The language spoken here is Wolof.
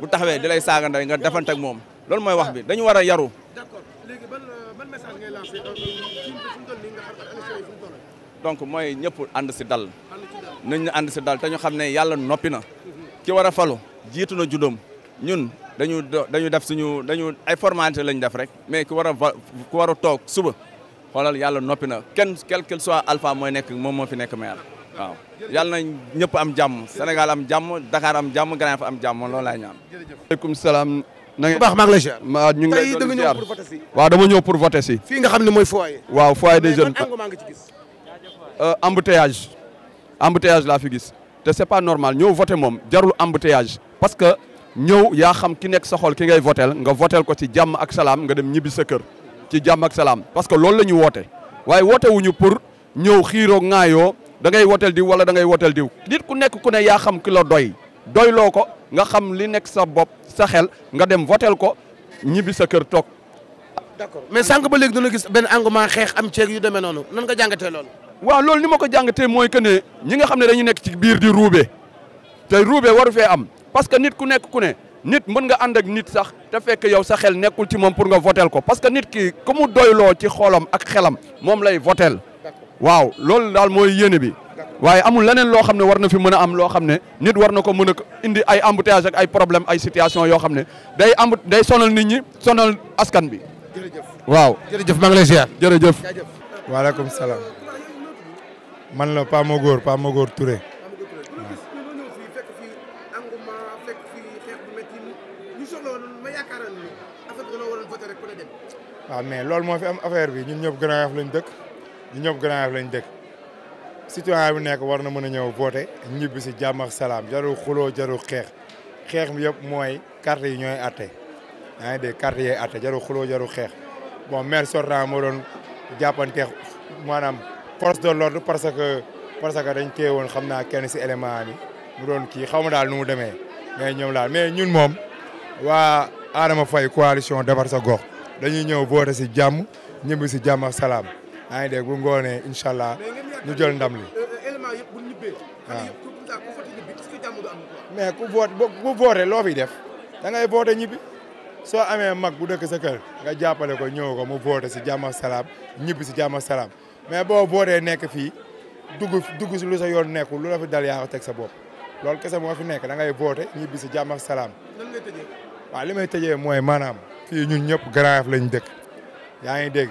bu taxawé dilay lay saaga nga defant ak mom loolu moy wax bi dañu wara yaru. ban ban donc moy ñepp and ci dal. nañ ñu and ci dal tañu xamné yalla nopi na. ki wara falu jitu na judoom ñun dañu dañu def suñu dañu ay formalité lañ def rek mais ki wara ku wara tok suba xolal yalla nopi na ken quel que soit alpha moy nek mom mo fi nekk maire waaw yàlla na ñëpp am jàmm Sénégal am jàmm Dakar am jàmm Grand am jàmm loolu laay ñaan. aleykum salaam. na ngeen baax maa ngi lay ziar. ma ñu ngi lay doon ziar waaw dama ñëw pour voter si. fii nga xam ne mooy foyer. waaw foyer des jeunes. Euh, embouteillage embouteillage laa fi gis te c'est pas normal ñëw voter moom jarul embouteillage parce que ñëw yaa xam ki nekk sa xol ki ngay votel nga votel ko ci jàmm ak salaam nga dem ñibbi sa kër ci jàmm ak salaam parce que loolu la ñu woote waaye woote pour ñëw xiiroo ŋaayoo da ngay woteel diw wala da ngay woteel diw nit ku nekk ku ne yaa xam ki doy doyloo ko nga xam li nekk sa bopp sa xel nga dem woteel ko ñibbi sa kër toog. d'accord mais sànq ba léegi dina gis benn engouement xeex am ceeg yu deme noonu nan nga jàngatee loolu. waaw loolu ni ma ko jàngatee mooy que ne ñi nga xam ne dañu nekk ci biir di ruube te ruube waru fee am parce que nit ku nekk ku ne nit mën nga ànd ak nit sax te fekk yow sa xel nekkul ci moom pour nga woteel ko parce que nit ki ku doyloo ci xoolam ak xelam moom lay woteel. waaw loolu daal mooy yéene bi waaye amul leneen loo xam ne war na fi mën a am loo xam ne nit war na ko mën a indi ay embouteillage ak ay problème ay situation yoo xam ne day amb day sonal nit ñi sonal askan bi. jërëjëf waaw jërëjëf maa ngi lay ziar jërëjëf. waaleykum salaam man la Pa Magor Pa Magor Touré. Ah, loolu moo fi am affaire bi ñun ñëpp Grand Yoff lañ dëkk. ñu ñëpp Grand Yoff lañ dëkk citoyen bu nekk war na mën a ñëw voté ñibbi si jàmm ak salaam jarul xuloo jarul xeex xeex mi yëpp mooy carte yi ñooy atte yaa ngi dégg carte yooyu atte xuloo jarul xeex bon maire sortant moo doon jàppanteex maanaam force de l'ordre parce que parce que dañ téye woon xam naa kenn si élément bi mu doon kii xaw ma daal nu mu demee mais ñoom daal mais ñun moom waa Adama Faye coalition defar sa gox dañuy ñëw voté si jàmm ñibbi si jàmm ak salaam yaa ngi dégg bu ngoonee incha allah ñu jël ndam li. Euh, waaw mais ku vote loo fiy def da ngay vote ñibbi soo amee mag bu dëkk sa kër nga jàppale ko ñëw ko mu vote si jàmm ak salaam si jàmm ak salaam mais boo voté nekk fii dugg dugg si lu sa yoon nekkul lu la fi dal yaa ko teg sa bopp loolu kese moo fi nekk da ngay vote ñibbi si jàmm ak salaam. nan ngay tëjee. waaw li may tëjee mooy maanaam fii ñu ñëpp Grand Yoff lañ dëkk yaa ngi dégg.